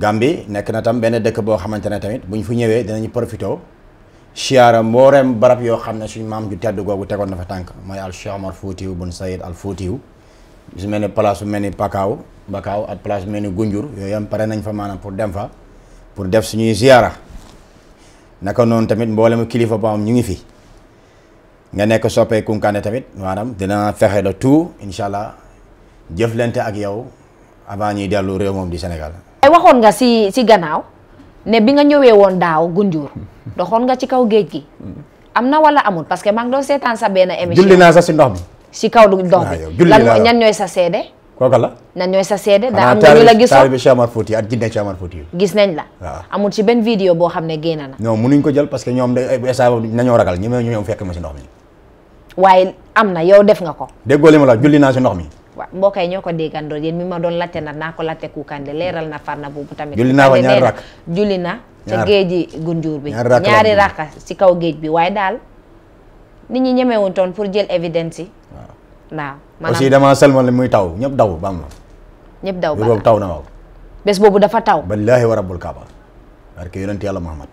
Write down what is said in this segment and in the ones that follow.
Gambie nekk na tam benn dëkk boo xamante ne tamit bu ñu fi ñëwee dinañu profité siyaara mbooreem barab yoo xam ne suñ maam ju tedd googu tegoon na fa tànk mooy al Cheikh Omar Foutiou Bun Sayid al Foutiou su mel ni place bu mel ni Pakaaw Bakaaw ak place bu mel ni Gunjur yooyu am pare nañ fa maanaam pour dem fa pour def suñuy ziyaara naka noonu tamit mboolem kilifa ba ñu ngi fi nga nekk soppee kunkaane tamit maanaam dina fexe la tout incha allah jëflante ak yow avant ñuy dellu réew moom di Sénégal. waxoon nga si si gannaaw ne bi nga ñëwee woon daaw Gunjur hmm. doxoon nga ci kaw géej gi hmm. am na wala amul parce que maa ngi doon seetaan sa benn émission julli naa sax si ndox mi si kaw du ndox ah, bi lan ñan ñooy sa la ñan ñooy sa seede daa am ñu la gisoon taalibi Cheikh Omar Fouti ak jinne Cheikh Omar Fouti gis nañ la waaw ah. amul ci benn vidéo boo xam ne génn na non mënuñ ko jël parce que ñoom da eh, sa nañoo ragal ñi ñoom fekk ma si ndox mi waaye am na yow def nga ko déggoo li ma la julli naa si ndox mi waaw mbokk yi ñoo ko déggandoo yéen mi ma doon laajte na naa ko laajte Kounkandé leeral na far na boobu tamit. julli naa wa ñaari rakk julli na. ca géeji gunjur bi ñaari rakka si kaw géej bi waaye daal nit ñi ñemewuñ toon pour jël évidence yi. waaw maanaam aussi damaa salmal muy taw ñëpp daw ba am na. ñëpp daw ba taw na waaw. bés boobu dafa taw. billaahi wa rabbul kaaba. barke yonent yàlla Muhammad.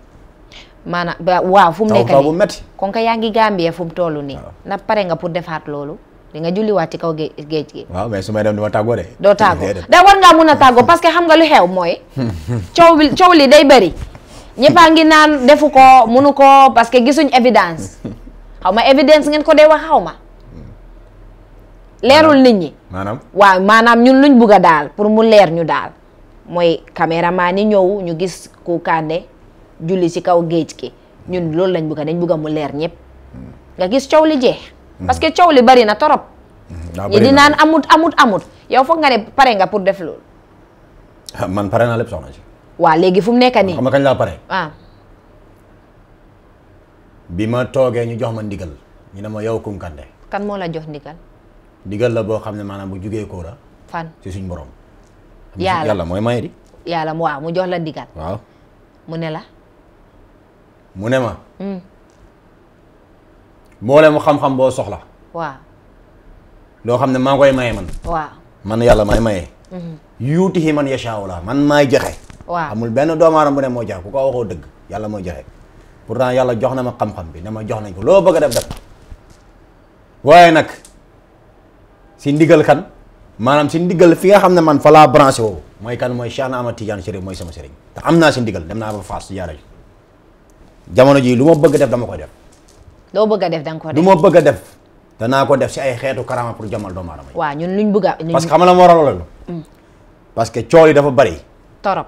maanaam waaw fu mu nekk nii taw taw bu métti. kon ka yaa ngi Gambie fu mu toll nii. na pare nga pour defaat loolu. di nga julliwaat ci kaw géej gi. waaw mais su may dem dama tàggoo de. doo tàggoo da war ngaa mun a parce que xam nga lu xew mooy. coow bi li day bëri. ñëppaa ngi naan defu ko munu ko parce que gisuñ évidence xaw ma évidence ngeen ko dee wax xaw ma. leerul nit ñi. maanaam waaw maanaam ñun luñ bugg a daal pour mu leer ñu daal. mooy caméraman yi ñëw ñu gis ku Kandeh julli ci kaw géej gi ñun loolu lañ bugg a dañ bugg mu leer ñëpp nga gis coow li jeex. Mhm. parce que coow li bari na torop mhm. ñi di naan amut amut amut yow foog nga ne pare nga pour def loolu ah, man pare naa lépp soxna si waa léegi fu mu nekk nii xam nga kañ laa pare ah bi ma toogee ñu jox ma ndigal ñu ne ma yow kunkande kan moo la jox ndigal ndigal la boo xam ne maanaam bu jugee kóora fan si suñ borom yàlla la mooy maye di mu waaw mu jox la ndigal mu ne la mu ne ma hmm. mboolem xam-xam boo soxla. waaw. loo xam ne maa koy maye man. waaw man yàlla may maye. Mhm. yuutihi man yashaaw la man maay joxe. amul benn doomu aadama bu ne moo joxe ku ko waxoo dëgg yàlla moo joxe. pourtant yàlla jox na ma xam-xam bi ne ma jox nañ ko loo bëgg a def def waaye nag si ndigal kan maanaam si ndigal fi nga xam ne man falaa laa branché woo mooy kan mooy Cheikh mooy sama sëriñ am naa si ndigal dem naa ba Fass jaarale jamono jii lu ma bëgg def dama koy def. loo bëgg a def da nga ko def bëgg a def danaa ko def si ay xeetu karama pour jàmmal doomu aadama yi. waaw ñun luñ bëgg a. parce que xam la moo waral loolu. Mm. parce que cool yi dafa bari. torop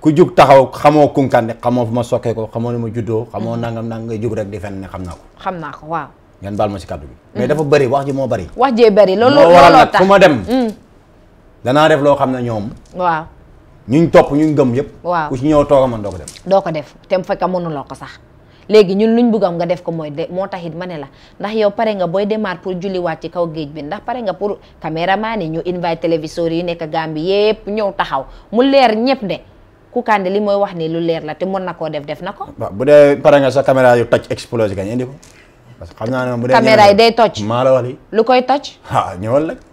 ku jug taxaw xamoo kunkande xamoo fu ma sokkee ko xamoo ni ma juddoo. xamoo mm. nangam nangam ngay jug rek di fenn ne xam naa ko. xam naa ko waaw. ngeen baal ma si kàddu bi. Mm. mais dafa bari wax ji moo bari. wax jee bari loolu looloo tax fu ma dem. danaa def loo xam ne ñoom. waaw. ñu topp ñu gëm yëpp. waaw ku si ñëw toog a mën doo ko def. doo te fekk mënuloo ko sax léegi ñun luñ bëgg am def ko mooy de moo taxit ma ne la ndax yow pare nga booy démarre pour julliwaat ci kaw géej bi ndax pare nga pour caméraman yi ñu invite téléviseurs yi nekk Gambie yépp ñëw taxaw mu leer ñëpp ne Kukandeh li mooy wax ni lu leer la te mën na koo def def na ko. bu dee pare nga sa caméra yu toj explose kañ indi ko. parce que xam naa ne dee caméra day toj. maa la wax lu koy toj. ah ñëwal rek.